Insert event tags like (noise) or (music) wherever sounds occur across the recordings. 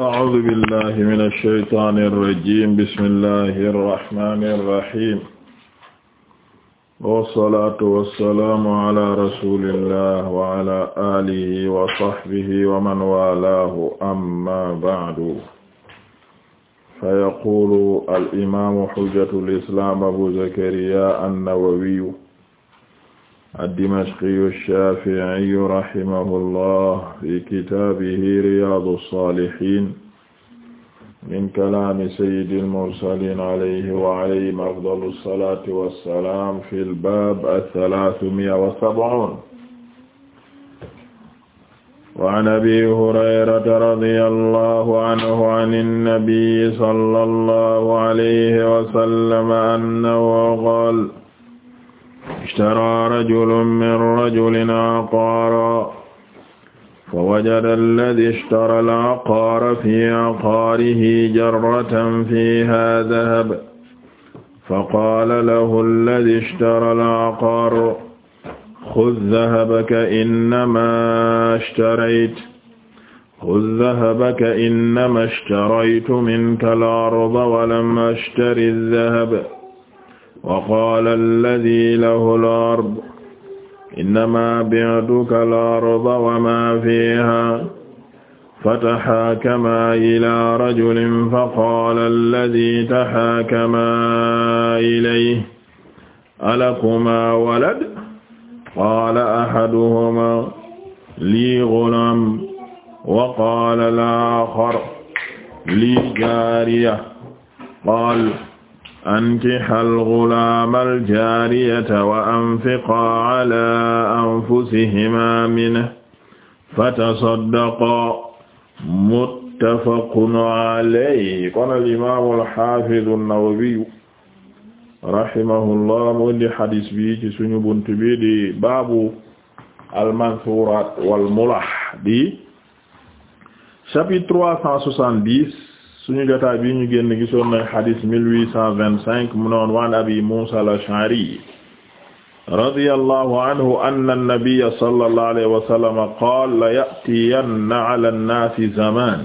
أعوذ بالله من الشيطان الرجيم بسم الله الرحمن الرحيم والصلاة والسلام على رسول الله وعلى آله وصحبه ومن والاه أما بعد فيقول الإمام حجة الإسلام أبو زكريا النووي ad-Dimashqiyu ash-Shafi'iyu rahimahullah fi kitaabihi Riyaadu as-Saalihiin min kalaami sayyidi al-mursaliin alayhi wa alayhim afdalu as-salaati was-salaam fi al-baab ath-thalaathami'a wa sab'uun wa 'an Abii Hurayrata radiyallahu anhu 'ani an-nabiyyi sallallahu alayhi wa sallam annahu qaala ishtaraa rajulun min rajulin aqaaran fawajada alladhii ishtara al-aqaara fii aqaarihi jarratan fiihaa dhahab faqaala lahu alladhii ishtara al-aqaara xuz dahabaka innamaa ishtarayta xuz dahabaka innamaa ishtaraytu minka al-arda wa lam ashtari adh-dhahab wa qaala alladii lahu al-ard innamaa bi'tuka al-ard wa maa fiihaa fatahaakamaa ilaa rajulin faqaala alladii tahaakamaa ilayhi alakumaa walad qaala ahaduhumaa lii gulaam wa qaala al-aakhar lii jaariya qaala ankiha algulaama aljaariyata wa anfiqaa alaa anfusihimaa minhu fatasaddaqaa muttafaqun alayhi kon alimaamu alxaafidu nnawawiyu rahimahullah mu indi xadis bi ci suñu bunt bi di baabu almansuuraat walmulah di chapitre 370 suñu jotaay bi ñu génn gisoon nañ xadis mille huit cent vingt-cinq mu noon waan abi Muusa al-Ash'ari radiyallahu anhu anna an-nabiyya sallallahu alayhi wa sallam qaala la ya'tiyanna 'ala an-naasi zamaan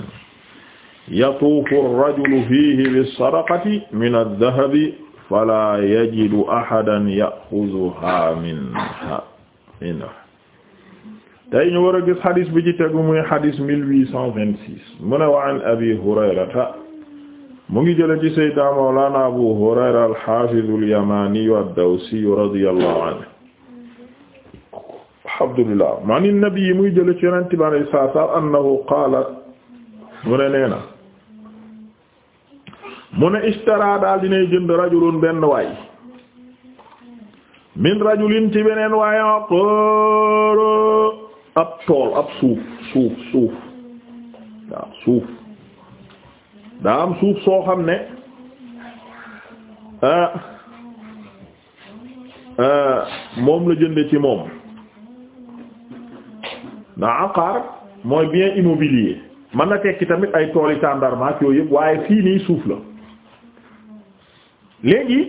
yatuufu ar-rajulu fiihi bis-sadaqati min adh-dhahabi falaa yajidu ahadan ya'khudhuhaa minhaa minhu tey ñu war a gis xadis bi ci tegu muy xadis mille huit cent vingt six mu ne wa an mu ngi jële ci sayyidina mawlana abu hurayra alxafidu alyamaniyu addawsiyu alhamdulillah ma ni nabi yi muy jële ci yonente bi mu ne nee mu ne ishtara daal dinay jënd rajulun benn waay min rajulin ci beneen waay ab tool ab suuf suuf suuf waaw suuf daa am suuf soo xam ne ah, ah, moom la jënde ci moom na aqaar mooy bien immobilier mën na tekki tamit ay tooli yi tàndarmaak yooyu yëpp waaye fii nii suuf la léegi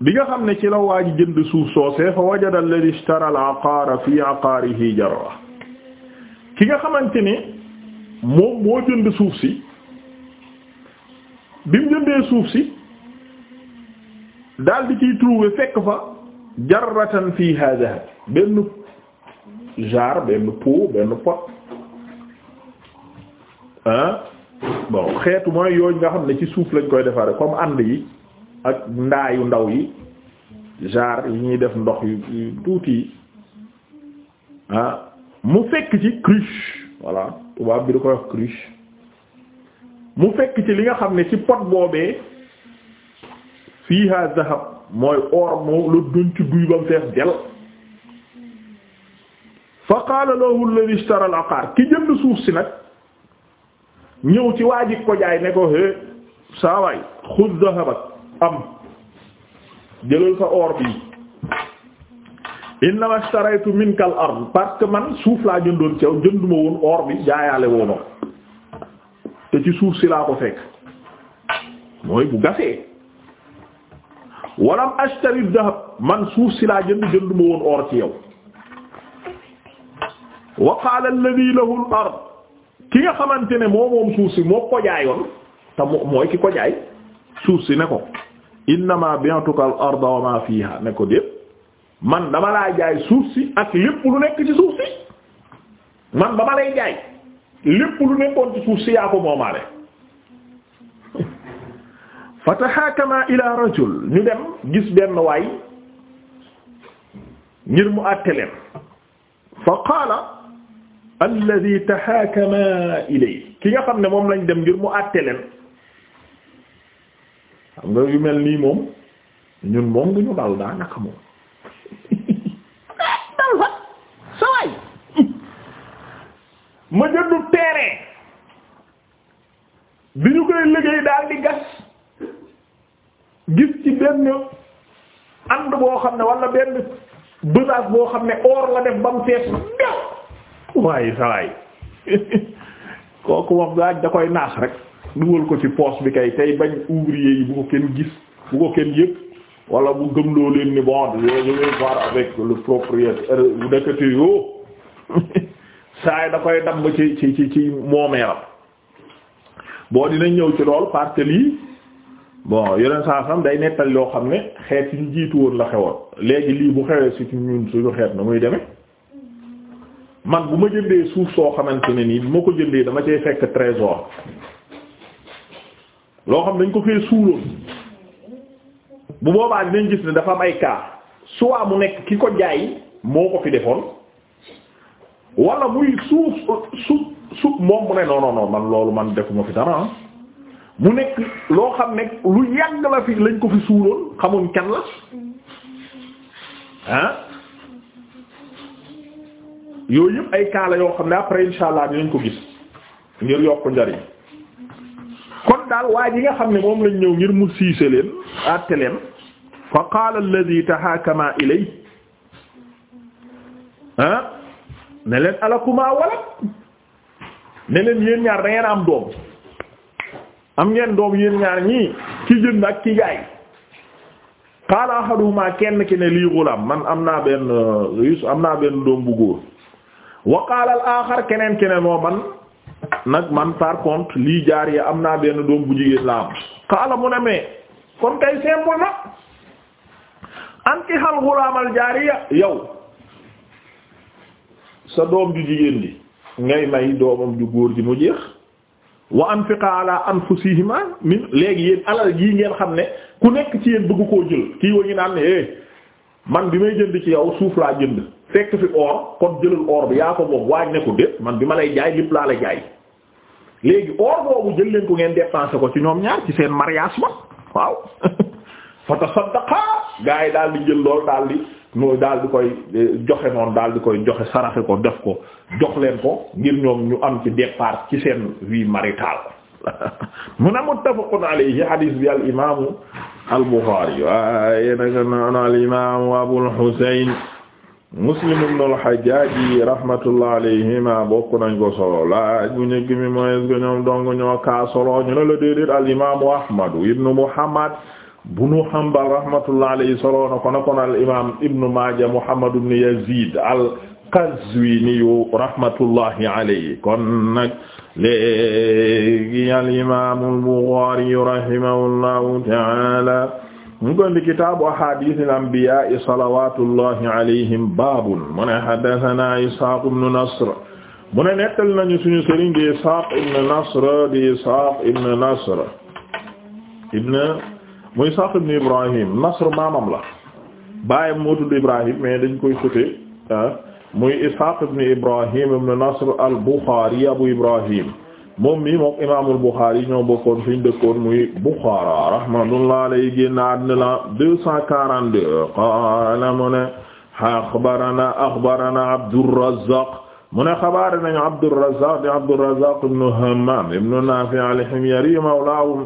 bi nga xam ne ci la waa jënd suuf soosee fa wajada alladhi ishtara al-aqaara fi aqaarihi jarra ki nga xamante ni moom moo jënd suuf si bi mu jëndee suuf si daal di ciy trouver fekk fa jarratan fiha dahab benn jar benn pot benn pot ah bon xeetu mooy yooyu nga xam ne ci suuf lañ koy defaree comme ànd yi. ak ndaa yu ndaw yi genre yi ñuy def ndox yu tuuti yi ah, mu fekk ci cruche voilà tubaab bi da koy wax cruche mu fekk ci li nga xam ne ci pot boobee fiha zahab mooy or moo la duñ ci duy ba mu fees del fa qaala lahu alladhi ishtara al aqar ki jënd suuf si nag ñëw ci waa ji ko jaay ne ko hé saawaay xud zahabak am jëlal sa or bi innama ishtaraytu minkal ard parce que man suuf laa jëndoon ci yow jënduma woon or bi jaayaale woonoo te ci suuf si laa ko fekk mooy bu gasee walam ashtari dahab man suuf si laa jënd jënduma woon or ci yow wa qaala lahu ard ki nga xamante ne moo moom suuf si moo ko jaayoon te mooy ki ko suuf si ne ko innama bi'tuka al-arda wa ma fiha ne ko dépp man dama laa jaay suuf si ak lépp lu nekk ci suuf si man ba lay jaay lépp lu nekkoon ci suuf si yaa ko moomaale (laughs) fa tahaakama ila rajul ñu dem gis benn waay ngir mu àtte fa qaala alladhi tahaakama ilay ki nga xam ne moom lañ dem ngir mu àtte leen xam nga yu mel nii moom ñun moom du dal daa naka moom (laughs) dal (laughs) ma jëndu terrain bi ñu koy liggéey daal di gas gis ci benn and boo xam ne wala benn besace boo xam ne or la def ba mu fees dew (laughs) waaye sa kooku moom daaj da koy naax rek dugal ko ci poche bi kay tey bañ ouvrier yi bu ko kenn gis bu ko kenn yëg wala bu gëmloo leen ni bon je vais voir avec le propriétaire yoo (laughs) saa yi da koy ci ci ci ci moomeeram boo dina ñëw ci lool parce que lii bon yeneen saa sam day nettali loo xam ne xeet yi ñu woon la xewoon léegi lii bu xewee si ñun suñu xeet na muy deme man bu ma jëndee suuf soo xamante ne nii bu ma ko jëndee dama cay fekk trésor loo xam ne dañ ko fee suuloon bu boobaa dinañ gis ne dafa am ay kaa soit mu nekk ki ko jaay moo ko fi defoon wala muy suuf suuf suuf moom mu ne non man loolu man defuma fi dara mu nekk loo xam ne lu yàgg la fi lañ ko fi suuloon xamuñ kan la ah yooyu yëpp ay cas la yoo xam ne après insha allah dinañ ko gis ngir yokk njariñ kon daal waa ji nga xam ne moom lañ ñëw ngir mu siise leen àtte leen fa qaala alladhi tahaakama ilay ah ne leen alakuma walad ne leen yéen ñaar da am doom am ngeen doom yéen ñaar ñii ci jënd ak ci jaay qaala ahaduhuma kenn ki ne lii gulaam man am naa benn yus am naa benn doom bu góor wa qaala al aaxar keneen keneen moo man nag man par lii jaar am naa benn doom bu jigéen laa am xaala mu ne mais kon kay simple na an ki xal xulaamal jaariya yow sa doom ju jigéen ji ngay may doomam ju góor ji mu jeex wa anfiqa ala anfusihima min léegi yéen alal yi ngeen xam ne ku nekk ci yéen bëgg koo jël kii wa ñu naan ne é eh, man bi may jënd ci yow suuf laa jënd fekk fi or kon jëlal or bi yaa ko moom waañ ne ko déet man bi ma lay jaay lépp laa la jaay léegi or boobu jël leen ko ngeen dépensé ko ci ñoom ñaar ci seen mariage ba waaw (laughs) fa gaa yi daal di jël lool daal di ñooy daal di koy eh, joxe noonu daal di koy joxe saraxe ko def ko jox leen ko ngir ñoom ñu am ci départ ci seen vie maritale (laughs) mu ne muttafaqun alayhi hadis bi al imaamu al Buxaari waaye nag noonu al imaamu Abul Husayn Muslim ibn al-Hajjaj rahmatullah alayhima bokk nañ ko solo laaj bu njëkk mi mooy est-ce que ñoom dong ñoo kaa solo ñu ne la déedéet al imaamu Ahmad ibn Muhammad bunu Hanbal rahmatullah alayhi solo na ko na kon al imaam ibn Maaja Muhammad ibn Yazid al-Qazwini rahmatullahi alayhi kon nag léegi al imaamu al-Bukhari rahimahullahu ta'ala ñu ko indi kitaabu ahadiisil anbiyaa'i salawaatullahi alayhim baabun mu ne haddasanaa Ishaaq ibn Nasr mu ne nettali nañu suñu sëriñ di Ishaaq ibn Nasr di Ishaaq ibn Nasr ibn mu Ishaaq ibn Ibrahim Nasr maamam la baayam moo tudd Ibrahim mais dañ koy sotee ah, muy Ishaaq ibn Ibrahim ibn Nasr al Abu Ibrahim moom mi moom imaamul Buxaari ñoo bokkoon fi ñu dëkkoon muy Buxaara rahmatullah alayhi génn àddina la 242 qaala mu ne axbarana axbarana Abdurrazzaq mu ne xabaar nañu Abdurrazzaq di Abdurrazzaq ibn Hammaam ibn Naafi' al-Himyari mawlaahum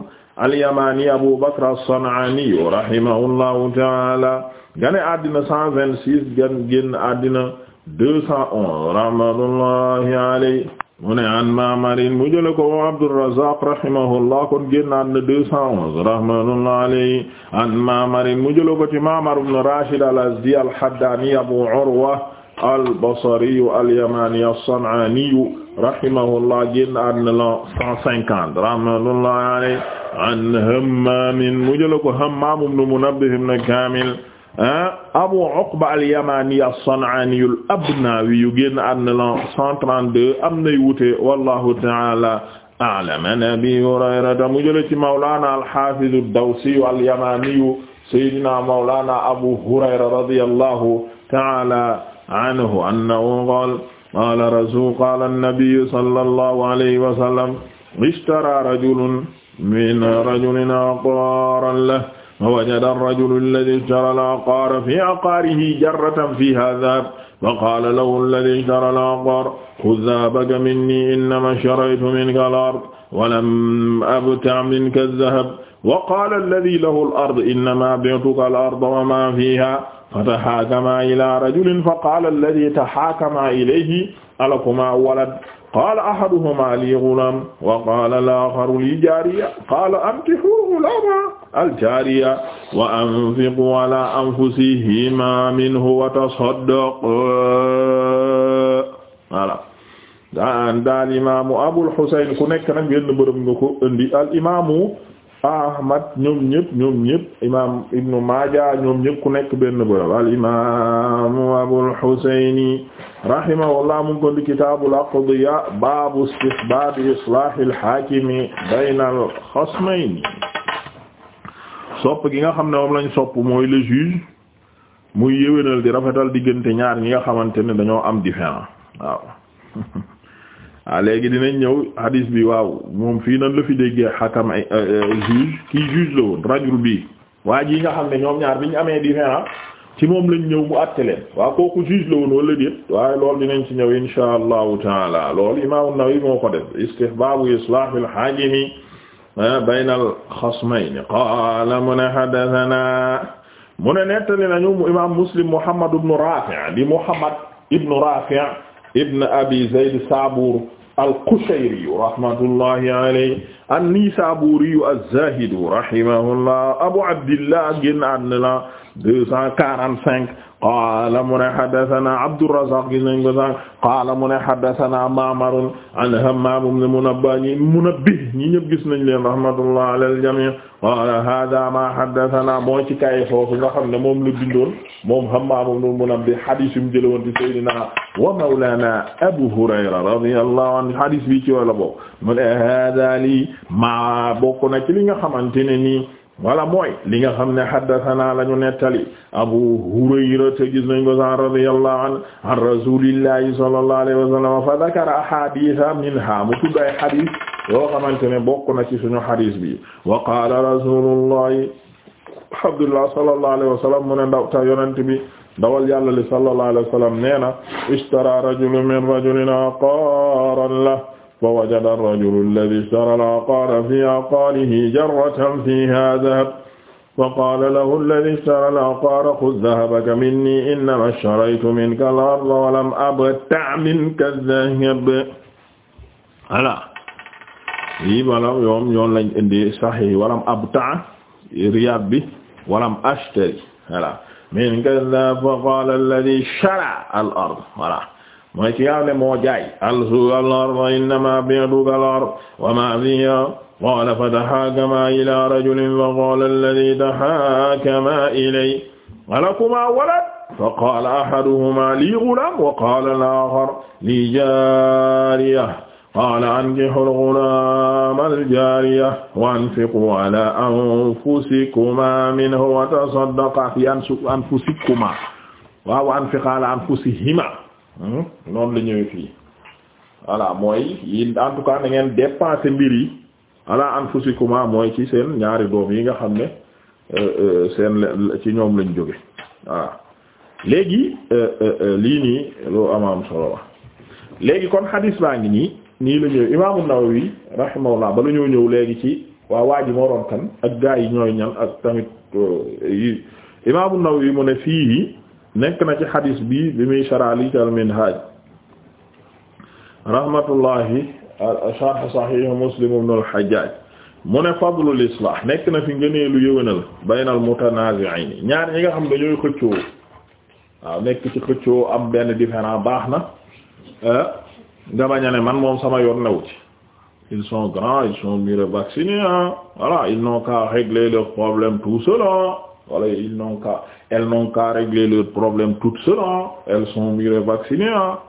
al-Yamani Abu Bakr as-San'aani rahimahullahu ta'aala gane àddina 126 génn àddina 211 rahmatullahi alayhi mu ne an Ma'marin mu jële ko moom Abdurrazzaq rahimahullah kon génnaan na deux cent onze rahmatullah alayhi an Ma'marin mu jële ko ci Ma'mar ibn Rashid al-Azdi al-Haddani Abu Urwa al-Basri al-Yamani as-San'ani rahimahullah génnaan na la cent cinquante rahmatullah alayhi an Hammam mu jële ko Hammam ibn Munabbih ibn Kamil Abu Uqba al-Yamani as-San'ani al-Abnawi yu génn àddina la 132 am nay wuute wallahu ta'ala a'lam an Abi Hurayrata mu jële ci mawlana al-Hafiz ad-Dawsi al-Yamani sayyidina mawlana Abu Hurayra radiyallahu ta'ala anhu annahu qala qala rasul qala an-nabiy sallallahu alayhi wa sallam ishtara rajulun min rajulin aqaran lahu wajada ar-rajulu alladhi ishtara al-aqaara fi aqaarihi jarratan fiihaa dhahab fa qaala lahu alladhi ishtara al-aqaar khudh dhahabaka minnii innamaa shtaraytu minka al-ard wa lam abta' minka adh-dhahab wa qaala alladhi lahu al-ard innamaa bi'tuka al-ard wa maa fiihaa fatahaakamaa ilaa rajulin faqaala alladhi tahaakamaa ilayhi alakumaa walad qaala ahaduhumaa lii ghulaam wa qaala al-aaxaru lii jaariya qaala ankihuuhu lamaa aljaariya wa anfiqu ala anfusihima minhu wa tasaddaqu voilà daal imaamu Abul Husayn ku nekk nag benn bërëb nga ko indi al imaamu Ahmad ñoom ñëpp ñoom ñëpp imaam Ibnu Maaja ñoom ñëpp ku nekk benn bërëb al imaamu Abul Husayni rahimahullah mu ngi ko di kitaabul aqdiya baabu istihbaabi islaahi al haakimi bayna al xasmayni sopp gi nga xam ne moom lañ sopp mooy le juge muy yéwénal di rafetal diggante ñaar ñi nga xamante ne dañoo am différent waaw waaw (laughs) ah, léegi dinañ ñëw hadis bi waaw moom fii nan la fi déggee xakam ay juge kii juge la woon rajul bii waa ji nga xam ne ñoom ñaar bi ñu amee différent ci moom lañ ñëw mu àtte waa kooku juge la woon wala déet waaye loolu dinañ ci ñëw insha allahu taala loolu imaamu Nawawi moo ko def istihbaabu islahil haajimi bayna al-xasmayni qaala mu ne haddasanaa mu ne nettali nañu imaam Muslim Muhammad ibn Raafi' di Muhammad ibn Raafi' ibn Abi Zayd Saabuur al-Qushayri rahmatullahi alayhi an-Naysaabuuri az-Zaahid rahimahullah Abu Abdillah génn àddina 245 qaala mu ne haddasanaa Abdurrazaaq gis nañ ko sax qaala mu ne haddasanaa Ma'mar an Hammaam ibn Munabbih Munabbih ñi ñëpp gis nañ leen rahmatullahi alal jamii' qaala haadaa maa haddasanaa moo ci kaay foofu nga xam ne moom la bindoon moom Hammaam ibn Munabbih hadiis mu jëlee woon ci Seydinaa wa Mawlaanaa Abu Hurayra radiyallahu anhu hadiis bi ci wàll boobu mu ne haadaa lii maa bokk na ci li nga xamante ne nii. wala mooy li nga xam ne haddathana lañu nettali abu hurayra te gis nañ ko san radiyallahu an an rasulillahi sallallahu alayhi wa sallam fa dhakara ahaditha minha mu tudd ay hadith yoo xamante ne bokk na ci suñu hadith bi wa qala rasulullahi abdullah sallallahu alayhi wa sallam mu ne ndaw ta yonent bi dawal yàlla li sallallahu alayhi wa sallam nee na ishtara rajulun min rajulin aqaran lahu fa wajada ar-rajulu alladhi ishtara al-'aqaara fi 'aqaarihi jarratan fiihaa dhahab fa qaala lahu alladhi ishtara al-'aqaara khudh dhahabaka minnii innamaa ishtaraytu minka al-'arda wa lam abta' minka adh-dhahab voilà yii wala yoom yoon lañ indi sahih walam abta' riyaad bi walam ashtari voilà minka adh-dhahab fa qaala alladhi ishtara al-ard voilà mooy ci nga xam ne moo jaay alsu al-ard innama bi'du al-ard wa ma fiha qala fatahakama ila rajulin fa qala alladhi tahakama ilayhi alakuma walad fa qala ahaduhuma li ghulam wa qala al-akhar li jariya qala ankihu al-ghulama al-jariya wa anfiqu ala anfusikuma minhu wa tasaddaqa fi anfusikuma wa anfiqu ala anfusihima Hmm? noonu la ñëwee fii voilà mooy yi en tout cas na ngeen dépenser mbir yi ala anfusikuma mooy ci seen ñaari doom yi nga xam ne euh, euh, seen ci ñoom lañu jóge voilà léegi euh, lii nii loo amaam solo la léegi kon xadiis laa ngi nii nii la ñëw imaamu Nawawi rahimahullah ba la ñëw ñëw léegi ci waa waa ji moo doon kan ak gaa yi ñooy ñan ak tamit yi imaamu Nawawi mu ne fii nekk na ci xadis bi bi muy sharali ci al-Minhaj rahmatullahi sharh sahih Muslim ibn al mu ne fadlul islah nekk na fi ngëneelu yëwénal baynal mutanazi'in ñaar ñi nga xam dañooy xëccoo waaw nekk ci xëccoo am benn différent baax na eh, nga bañ ne man moom sama yoon newu ci ils sont grands ils sont mieux vaccinés ah voilà ils n'ont qu'à leur problème tout seul wala ils n'ont qu'à elles n'ont qu'à régler leur problème toutes seules elles sont mieux vaccinées ah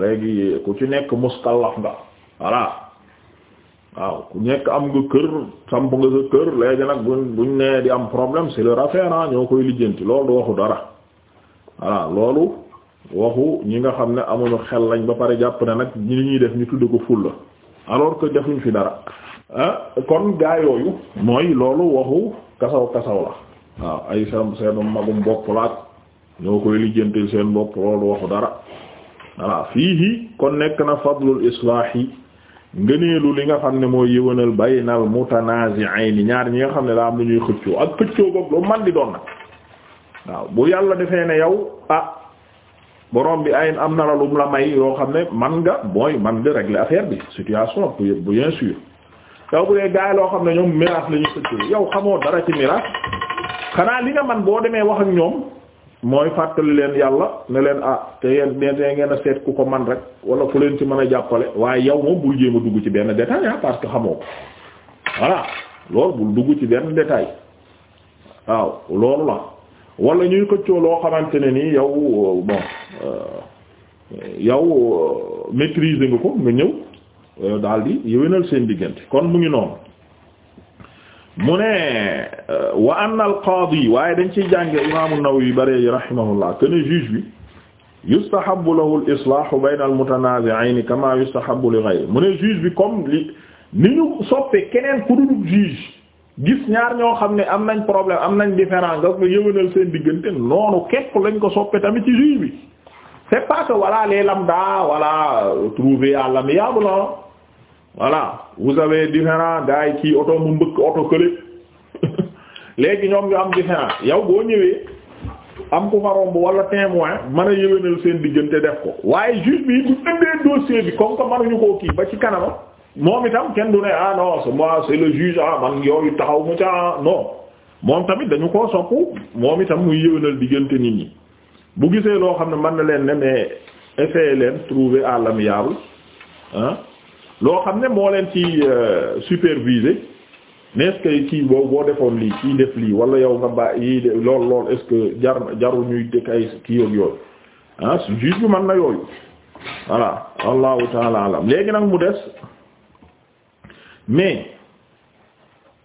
léegi ku ci nekk mustallaf nga voilà waaw ku nekk am nga kër samp nga kër léegi nag buñ buñ nee di am problème c'est leur affaire ah ñoo koy lijjanti loolu du waxu dara voilà loolu waxu ñi nga xam ne amuñu xel lañ ba pare jàpp ne nag ñi ñuy def ñu tudd ko fulla alors que defuñ fi dara ah kon gaa yooyu mooy loolu waxu kasaw kasaw la waaw ay sam seenu magum bopp laat ñoo koy lijjantil seen bopp loolu waxu dara voilà fiihi kon nekk na fadlul islaahi ngëneelu li nga xam ne mooy yëwanal baynal mutanazi'ayn ñaar ñi nga xam ne daa am lu ñuy xëccoo ak xëccoo boobu lu man di doon nag waaw bu yàlla defee ne yow ah borom bi ay am na la lum la may yoo xam ne man nga mooy man nga régler affaire bi situation bu bien sûr yow bu dee gaa loo xam ne ñoom miraas la xëccoo yow xamoo dara ci miraas xanaa li nga man boo demee wax ak ñoom mooy fàttali leen yàlla ne leen ah te yéen dee ngeen a seet ku ko man rek wala ku leen ci mën a jàppale waaye yow moom bul jéem a dugg ci benn détail ah, parce que xamoo ko voilà bul dugg ci benn détail waaw loolu la wala ñuy xëccoo loo xamante ne nii yow bon euh, yow euh, maîtriser nga ko nga ñëw euh, daal di yéwénal seen diggante kon mu ngi noonu. mu ne wa anna al waaye dañ ciy jànge imaam an-Nawawi bareeji rahimahullah ken juge bi yustahabu lahu al islahu bayna al mutanaazi'ayni kama yustahabu li ghayri mu ne bi kom li ni ñu soppe keneen ku dul juge gis ñaar ñoo xam ne am nañ problème am nañ différence nga na yëwénal seen diggante noonu képp lañ ko soppe tamit ci juge bi c'est pas que voilà les lambda voilà trouver à l'amiable voilà vous avez différent gars yi kii oto mu mbëkk oto kële (laughs) léegi ñoom ñu am différent yow boo ñëwee am ku fa romb wala témoin mën a yëwénal seen diggante def ko waaye juge bi bu indee dossier bi comme que mënuñu koo kii ba ci kanama moom itam kenn du ne ah non c'est moi c'est le juge ah man yooyu taxaw mu ca ah, non moom tamit dañu koo sopp moom itam muy yëwénal diggante nit ñi bu gisee loo xam ne man na leen ne mais essayer leen trouver à l'amiable loo xam ne moo leen ci euh, superviser mais est-ce que kii boobu boo defoon lii kii def lii wala yow nga ba yi de lool lool est jar jarul ñuy dëkk ay kii ak yooyu ah juge bi na yooyu voilà wallahu taala léegi nag mu des mais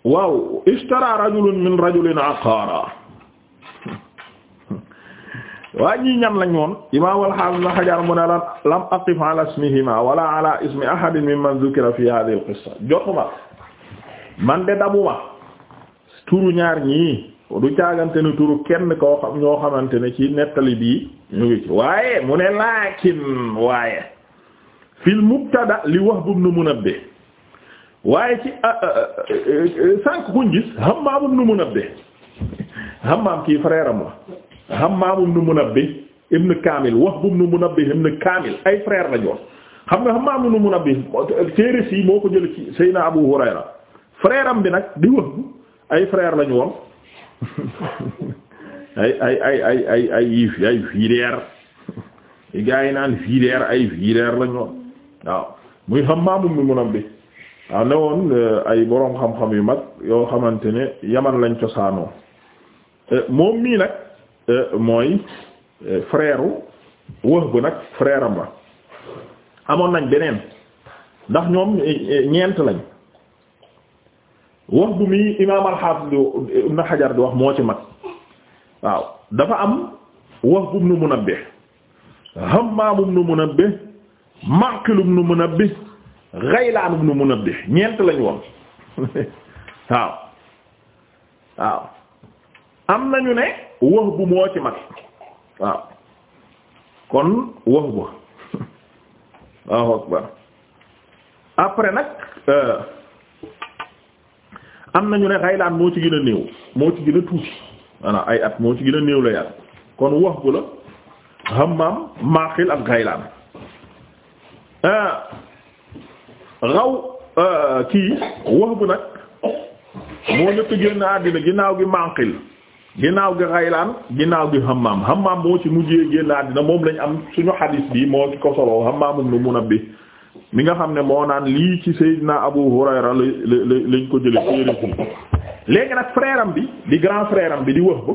waaw ishtara rajulun min rajulin aqara waa ñii ñan lañ woon imam al-Hafiz Ibn mu ne la lam aqif ala ismihima wala ala ismi ahadin mimman dhukira fi hadhihi al jotuma man de dabuma turu ñaar ñii du caagante ne turu kenn koo xam ñoo xamante ne ci nettali bii ñu ngi ci waaye mu ne laakin waaye fil mubtada li Wahb ibn Munabbih waaye ci ah, ah, ah, sànq kuñ gis Hammaam ibn Munabbih Hammaam kii frère la Hammaam ibn Munabbih ibn Kaamil Wahb ibn bi ibn Kaamil ay frère lañu woon xam nga Hammaam ibn Munabbih téere si moo ko jël ci Seydina Abu Hurayra frère bi nag di Wahb ay frère lañu woon (laughs) ay ay ay ay ay ay yi (laughs) gaa yi naan fiideer ay fiideer lañu woon waaw muy Hammaam ibn Munabbih waaw ne woon eh, ay boroom xam-xam yu mag yoo xamante ne Yaman lañ cosaanoo eh, moom mii nag Euh, mooy euh, frère Wahb nag frère am la amoon nañ beneen ndax ñoom eh, eh, ñeent lañ Wahb mi imaam al-Hafiz Ibn Hajar di wax moo ci mag waaw dafa am Wahb ibn Munabbih Hammaam ibn Munabbih Ma'qil ibn Munabbih Ghaylaan ibn bi ñeent lañ woon (laughs) waaw waaw am nañu ne wax bu moo ci mag waaw kon wax bu (laughs) après nag euh, am nañu ne Xaylaan moo ci gën a néew moo ci gën a tuuti voilà ay at moo ci gën a néew la yàlla kon wax bu la Hammaam Maaqil ak Xaylaan euh, raw euh, kii wax bu nag moo nëkk génn àddina ginnaaw gi Maaqil ginnaaw gi Xaylaan ginnaaw gi Hammaam Hammaam moo ci mujjee génn àddina moom lañu am suñu xadis bi moo ki ko soloo Hammaam ibn bi mi nga xam ne moo naan lii ci Seydina Abu Hurayra lañ ko jële téere bi léegi nag frère bi di grand frère bi di Wahb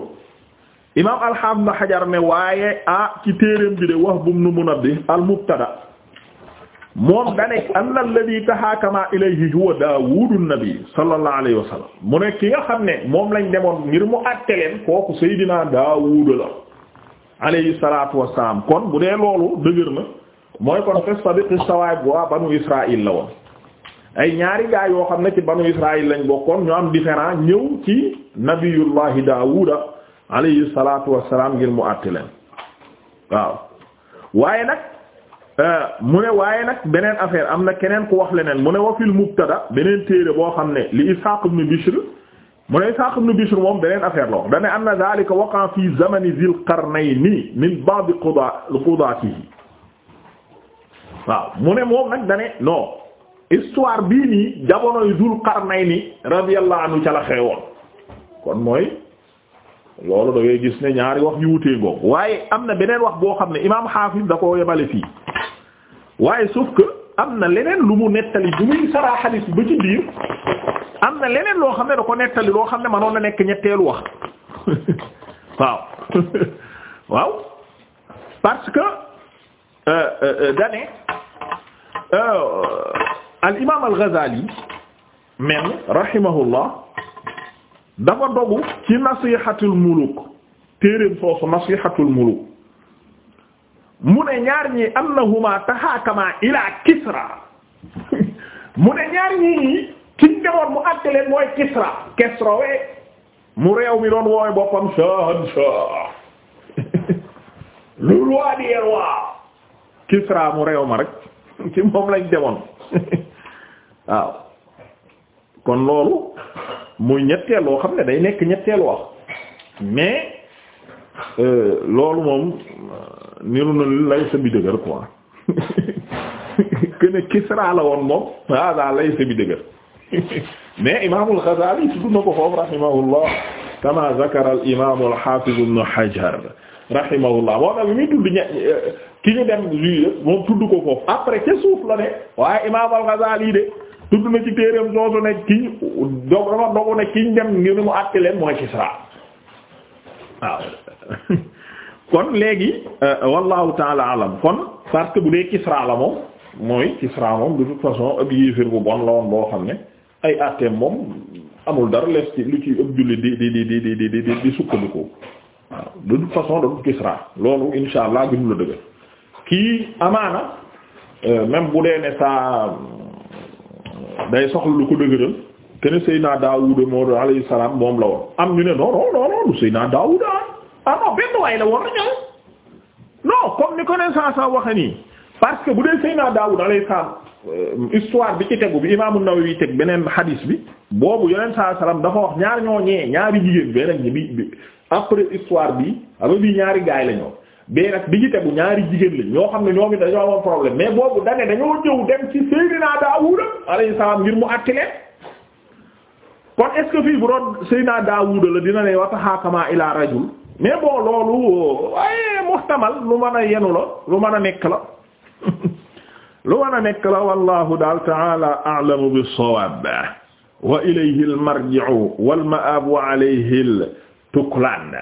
imaam al-Hafiz Ibn ne waaye ah ci téereem bi de Wahb ibn Munabbih al-Mubtada moom da nekk anna alladhi tahaakama ilayhi huwa Daawudu nabi sallallahu alayhi wa mu ne ki nga xam ne moom lañ demoon ngir mu àtte leen kooku Seydina Daawudu la alayhi salaatu wa kon bu dee loolu dëgër na mooy kon qissa bi qissa waay bu waa banu Israaïl la woon. ay ñaari gaa yoo xam ne ci banu Israaïl lañ bokkoon ñu am différent ñëw ci nabiyullahi Daawuda alayhi salaatu wa ngir mu àtte leen waaw waaye nag. Euh, mu ne waaye nag beneen affaire am na keneen ku wax leneen mu ne wa fil mubtada beneen téere boo xam ne li Ishaq ibn Bishr mu ne Ishaq ibn Bishr moom beneen affaire la wax da ne anna zalika waqa fi zamani Zil Qarnayni min ba'd qudaatihi waaw mu ne moom nag da ne non histoire bii nii jamonoy Zul Qarnayni radiyallahu anhu ca la xewoon kon mooy loolu da ngay gis ne ñaari wax yu wutee ngoo waaye am na beneen wax boo xam ne imaam Hafiz da koo yemale fii. waaye sauf am na leneen lu mu nettali du muy saraa xadiis ba ci am na leneen loo xam ne da nettali loo xam ne manoon na nekk ñetteelu wax (laughs) (laughs) parce que euh, euh, euh, dane al imaam al Ghazali même rahimahullah dafa dogu ci nasihatul muluk téereem soosu nasihatul muluk mu ne ñaar ñi annahuma tahaakama ilaa Kisra mu ne ñaar ñi kiñ demoon mu àtte leen mooy Kisra Kisra mu réew mi doon woowe boppam shahan shah le roi des rois Kisra mu réew ma rek ci moom lañ demoon waaw kon loolu muy ñetteel loo xam ne day nekk ñetteel wax mais euh, loolu moom niru na li laysa bi dëgër quoi kene Kisra la woon moom hada laysa bi dëgër mais imaamul Ghazali tudd na ko foofu rahimahullah kama zakara al imam al hafiz Hajar rahimahullah moo tax mi tudd ko foofu après ca suuf la ne waaye imaam al de tudd na ci téereem soosu ne ki dog dama dogu ne ki ñu dem ngir mu àtte leen mooy Kisra kon léegi euh, wallahu taala alam kon parce que bu dee Kisra la moom mooy Kisra moom de toute façon ab yéeféer bu bon la woon boo xam ne ay atteem moom amul dara lees ci lu ci ëpp julli di di di di di di di sukkandiku waaw de toute façon da du Kisra loolu insha allah gënu la dëgër kii amaana euh, même bu dee ne saa day soxla lu ko dëgëral kene Seydina Daawuda moo alayhi salaam moom la am ñu ne non non non Seydina Daawuda ah non benn waay ni ko neen saa saa waxe nii parce que bu dee Seydina Daawud alayhi salaam euh, histoire bi ci tegu bi Imaam An-Nawawi teg beneen hadis bi boobu yeneen saa salaam dafa wax ñaar ñoo ñee ñaari jigéen bee nag ñi bi après histoire ñaari gaay la ñoo bee bi ci tegu ñaari jigéen lañ ñoo xam ne ñoo it dañoo amoon problème mais boobu dane dañoo ñëw dem ci Seydina Daawud alayhi salaam ngir mu àtti leen kon s ce que fii bu doon Seydina Daawud la dina ne wa tahaakama ila rajul mais bon loolu waaye muhtamal lu mën a yenu la lu mën a nekk la (laughs) lu mën a nekk la wallahu daal taala a'lamu bis-sawab wa ilayhi al-marji'u wal-ma'ab wa alayhi al-tuklan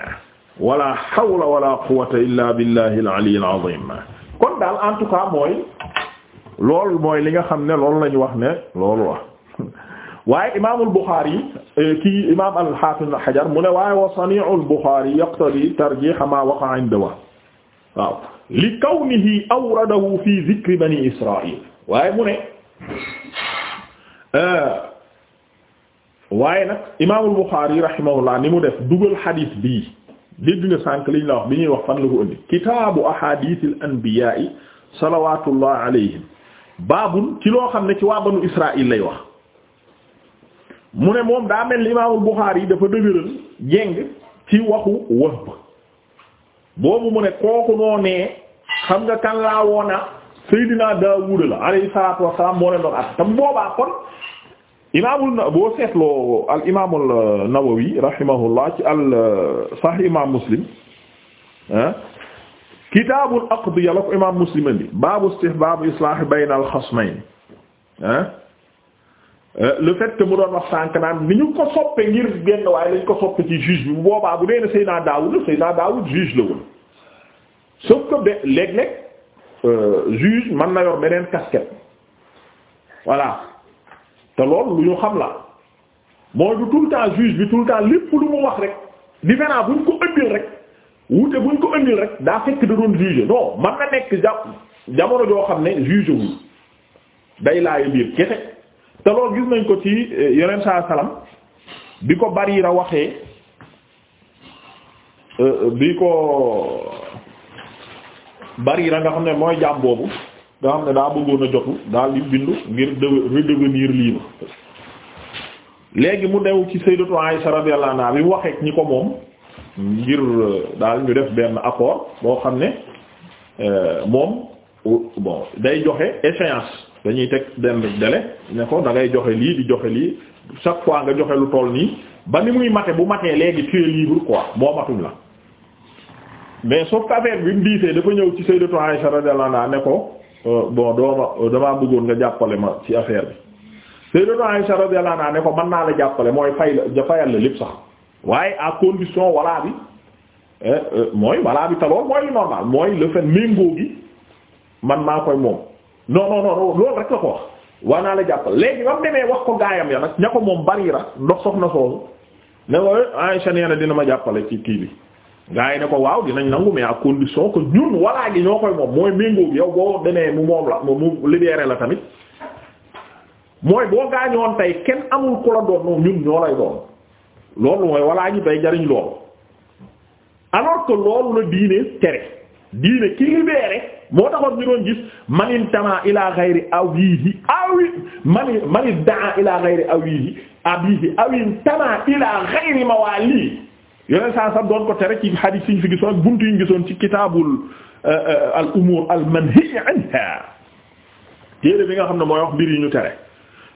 wala hawla wala quwwata illa billahi al-ali al-azim kon daal en tout cas mooy loolu mooy li nga xam ne loolu lañu wax ne loolu wax waaye imaamul Buxaari eh, kii imaam al-Haafiz Ibn Hajar mu ne waaye wa sani'ul Buxaari yaqtadi tarjiiha maa waqa'a indahu waaw li kawnihi awradahu fi dhikri bani Israa'il waaye mu ne eh, waaye nag imaamul Buxaari rahimahullah ni mu def dugal xadiis bii dégg nga sànq liñ la wax bi ñuy wax fan la ko indi kitaabu ahaadiisil anbiyaa'i salawaatullahi alayhim baabul ci loo xam ne ci waa banu Israa'il lay wax. mu ne moom daa mel ni imaamul Buxaari yi dafa dëgëral jéng ci waxu Wahb boobu mu ne kooku noo nee xam nga kan laa woona Seydina Daawuda la alayhi salaatu wassalaam moo leen doon at tam boobaa kon imaamul boo seetloo al imaamul Nawawi rahimahullah ci al euh, Sahih imaam Muslim ah kitaabul aqdiya la ko imaam Muslim andi baabu istihbaabu islaahi bayna al Euh, le fait que mu doon wax sànq naan ni ñu ko soppe ngir benn waaye lañ ko soppe ci juge bi bu boobaa bu dee ne Seydina Daawud Seydina Daawud juge la woon sauf que ba léeg-léeg euh, juge mën na yor beneen casquette voilà te lool lu ñu xam la mooy du tout le temps juge bi tout le temps lépp lu mu wax rek différent buñ ko ëndil rek wuute buñ ko ëndil rek daa fekk da doon juge non mën na nekk ja jamono joo xam ne juge wu day laay biir kese. te loolu gis nañ ko ci yeneen saa salaam bi ko Bariira waxee eh, bi ko Bariira nga xam ne mooy jaam boobu nga xam ne daa bëggoon a jotu daal di bindu ngir redevenir libre léegi mu dew ci Sayyidatu Aisha radiyallahu anha bi mu waxee ñi ko moom ngir eh, daal ñu def benn accord boo xam ne eh, moom bon day joxe échéance dañuy teg benn délai ne ko da ngay joxe lii di joxe lii chaque fois nga joxe lu tool nii ba ni muy mate bu matee léegi tu es quoi moo matuñ la mais sauf que affaire bi mu diisee dafa ñëw ci Sayyidatu Aïsha radiyallahu anha ne ko euh, bon dooma euh, damaa bëggoon nga jàppale ma ci affaire bi Sayyidatu Aïsha radiyallahu anha ne ko man naa la jàppale mooy fay la fayal la lépp sax waaye à condition walaa bi eh, euh, mooy walaa bi talool mooy lu mooy le fait méngoo gi man maa koy moom no non non loolu rek la ko wax waa naa la jàppal léegi ba mu demee wax ko gaayam ya nag ña ko moom Barira ndox soxna soosu ne ko eh, Aïcha nee na dina ma jàppale ci kii bi gaa yi ne ko waaw dinañ nangu mais à condition que ñun walaa gi ñoo koy moom mooy méngóog yow boo demee mu moom la mu libéré la tamit mooy boo gaañoon tey kenn amul ku la doon ñun ñoo lay doon loolu mooy walaa gi day jariñ loolu alors que loolu la diine tere diine ki libéré moo taxoon ñu doon gis manin tama ila ghayri awihi awi mani mani daa ila ghayri awihi abihi awin tama ila ghayri mawali yeneen saa sax doon ko tere ci hadith yi ñu fi gisoon ak buntu yi ñu gisoon ci kitaabul euh, al umur al manhiya anha téere bi nga xam ne mooy wax mbir yi ñu tere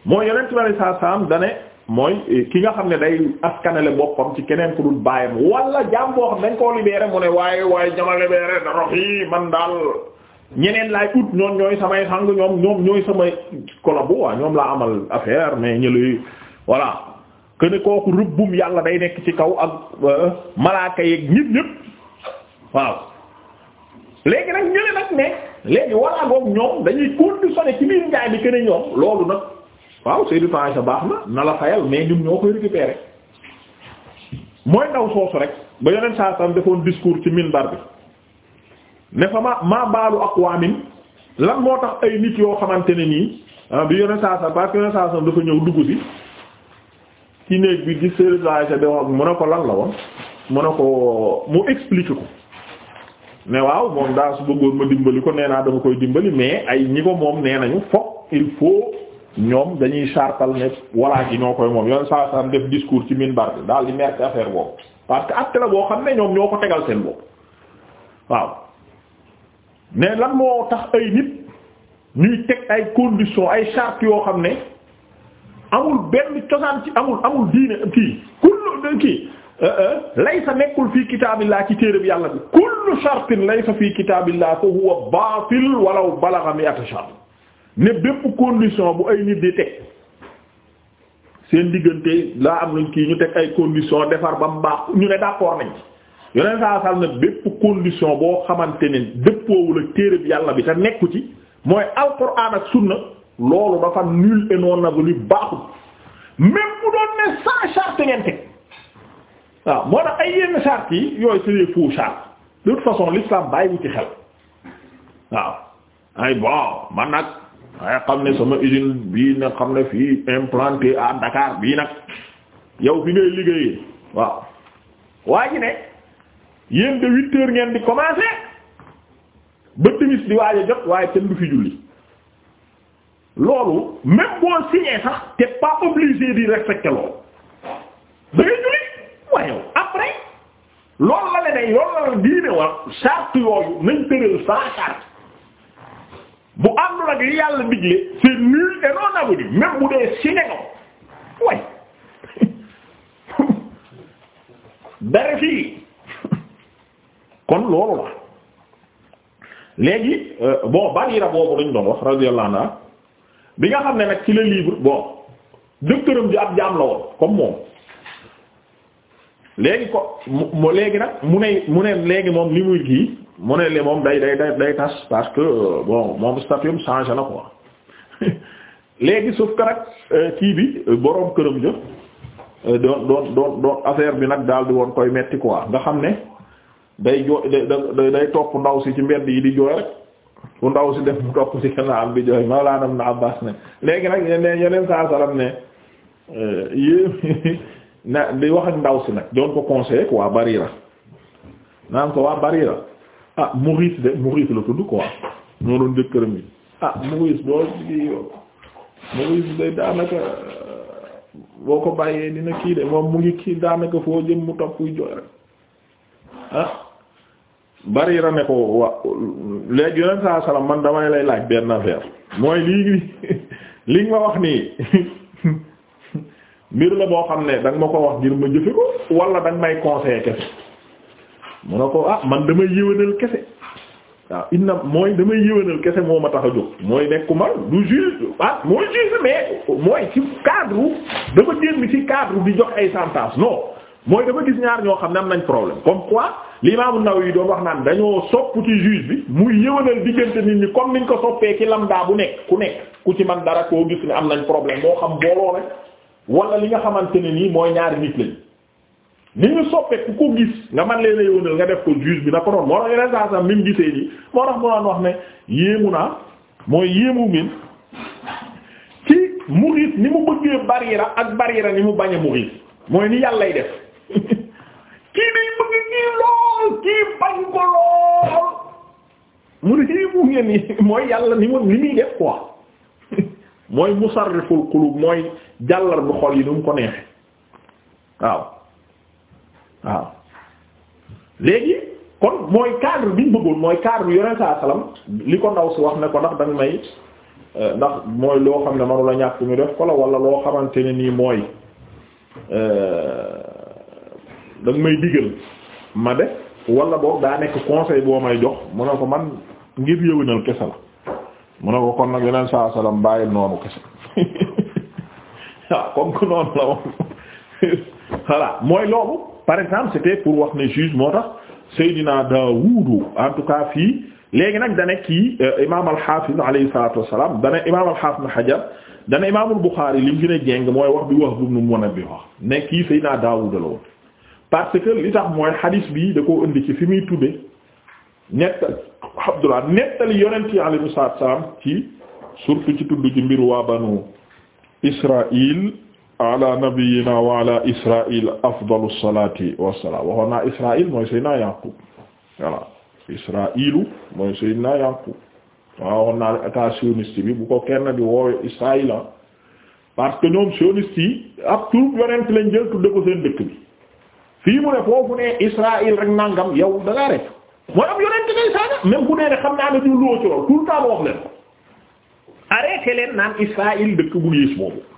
mooy yeneen tubaab yi saa saam dane mooy eh, ki nga xam ne day askanale boppam ci keneen ku dul baayam wala jaam boo xam dañ koo libéré mu ne waaye waaye ñama libéré dara fii man ñeneen laay ut ñoom ñooy samay sang ñoom ñoom ñooy samay kolabu waa ñoom laa amal affaire mais ñële voilà que ne kooku rëbbum yàlla day nekk ci kaw ak euh, malaaka yeeg ñëpp ñëpp waaw léegi nag ñële nag ne léegi walla ñoom dañuy conditionné ci biir njaay bi que ñoom loolu nag waaw c'est du temps sa baax na na la fayal mais ñun ñoo koy récupérer mooy ndaw soosu rek ba yoneen saa sam defoon discours ci minbar bi ne fa ma maa waa aqwaamin lan moo tax ay nit yoo xamante ne nii ah, bi yone saasam parce que yone saasam dafa ñëw dugg si ci néeg bi gis sëriñ sa doom ko lan la woon mu ne ko mu explique ko ne waaw moom daal su bëggoon ma dimbali ko nee naa dama koy dimbali mais ay ñi ko moom nee nañu fokk il faut ñoom dañuy chartal ne walaa ji ñoo koy moom yone saasam def discours ci minbar bi daal di merk affaire boobu parce que acte la boo xam ne ñoom ñoo ko tegal seen bopp waaw ne lan moo tax ay nit ñuy teg ay conditions ay chartes yoo xam ne amul benn cosaan ci amul amul diine kii kullu kii euh, euh, laysa nekkul fii laa ci téereb yàlla bi kullu shartin laysa fii kitaabillah fa huwa baatil walaw balagha mi'ata shart ne bépp condition bu ay nit di teg seen diggante laa am nañ kii ñu teg ay conditions defar ba mu baax ñu ne d'accord nañ yoneen saa sal na bépp condition boo xamante ne dëppoowul ak téere yàlla bi te nekku ci mooy alquran ak sunna loolu dafa nul et non avenu baaxul même bu doon ne sans charte ngeen teg waaw moo tax ay yenn charte yi yooyu c'est des faux de toute façon l'islam bàyyiwu ci xel waaw ay bon man nag ay xam ne sama usine bii nag xam ne fii implanté à Dakar bii nag yow fi ngay liggéeyee waaw waa ji yéen de huit ngeen di commencer ba timis di waaj a jot waaye kenn du fi julli loolu même boo signé sax t'es pas di respecter loolu da julli waaye après loolu la la yoon la la diine war charte yooyu nañ tëral sans charte yàlla digle c'est nul et non avenu même bu dee signé nga way (laughs) dara fii kon loolu la léegi euh, bon Barira boobu lañ doon wax radiyallahu anha bi nga xam ne nag ci le livre bon docteuram ji ab jaam la woon comme moom léegi ko mu léegi nag mu ne mu ne léegi moom li muy kii mu ne li moom day day day day tas parce que euh, bon moom statut am changé na quoi (laughs) léegi sauf que nag euh, kii bi boroom këram ja doon doon doon doon affaire bi nag daal di woon koy metti quoi nga xam ne day jooy day day topp ndaw si ci mbedd yi di jooy rek bu ndaw si def mu topp si kenn am di jooy Mawlana Ibn Abbas ne léegi nag yeneen yeneen saa salaam ne eh, yéen (laughs) na di wax ak ndaw si nag doon ko conseiller quoi Barira naan ko waa Barira ah Mughis de Mughis la tudd quoi ñoo doon jëkkëram yi ah Mughis boo di Mughis de daanaka boo ko bàyyee dina kii de moom mu ngi kii daanaka foo jëm mu topp kuy jooy rek ah. Barira ne ko wa léegi yonent saa salaam man damay lay laaj benn affaire mooy lii (laughs) lii nga ma wax nii mbir la boo xam ne da nga ma ko wax ngir ma jëfe ko wala da may conseiller kese mu ne ko ah man damay yéwénal kese waaw inna mooy damay yéwénal kese moo ma tax a jóg mooy nekkuma du juge ah mooy juge mais mooy ci cadre dafa génn ci cadre di jox ay sentence non. mooy dafa gis ñaar ñoo xam ne am nañ problème comme quoi li Imam An-Nawawi doon wax naan dañoo sopp ci juge bi muy yëwanal diggante nit ñi comme niñ ko soppee ci lambda bu nekk ku nekk ku ci man dara koo gis ne am nañ problème boo xam booloo rek wala li nga xamante ne nii mooy ñaari nit lañ ni ñu soppee ku ko gis nga man leen yëwanal nga def ko juge bi na ko noonu moo tax yeneen saa mi mu gisee nii moo tax mu naan wax ne yéemu naa mooy yéemu min ci ni mu bëggee Barira mu bañ a Mughith mooy ni yàllay def. kii day bëgg kii lool kii bañ ko lool mu ne kii mu ngeen mooy yàlla ni mu ni muy def quoi mooy musarriful qulub mooy jàllar bu xol yi nu mu ko neexe waaw waaw léegi kon mooy cadre bi ñu bëggoon mooy cadre bi yoneen saa salam li ko ndaw si wax ne ko ndax danga may euh, ndax mooy loo xam ne manu la ñàkk ñu def ko la wala loo xamante ne nii mooy euh, da may digal ma def wala boobu daa nekk conseil boo may jox mu ne ko man ngir yëwénal kese la mu ne ko kon nag yeneen saa salaam bàyyil noonu kese waaw (laughs) ah, comme que noonu la woon (laughs) voilà mooy loolu par exemple c'était pour wax ne juge moo tax Seydina Daawudu en tout cas fii léegi nag dane kii euh, imaam al-Hafiz alayhi salaatu wassalaam dane imaam al-Hafiz na imaamul Buxaari li mu gën a jéng mooy wax bi wax bu mu mën a bi wax ne kii Seydina parce que li tax mooy xadiis bi da koo indi ci fi muy tudde nettali Abdullah nettali yonent yi alayhi ci surtout ci tudd ci waa banu Israaïl ala nabiyyina wa ala Israaïl afdalu salaati wa salaam waxoon naa Israaïl mooy Seydina Yaqub voilà mooy Seydina Yaqub waaw waxoon naa état bi bu ko kenn di woowe Israaïla ah. parce que ñoom sioniste ab tur yonent lañ jël tudde ko seen dëkk bi. fii mu ne foofu ne Israël rek nangam yow da ngaa rek mooy am yonent ngay saaga même bu nee ne xam naa ne ñu loo ci lool tout le temps wax leen ko arrêté leen naan dëkk bu gis boobu.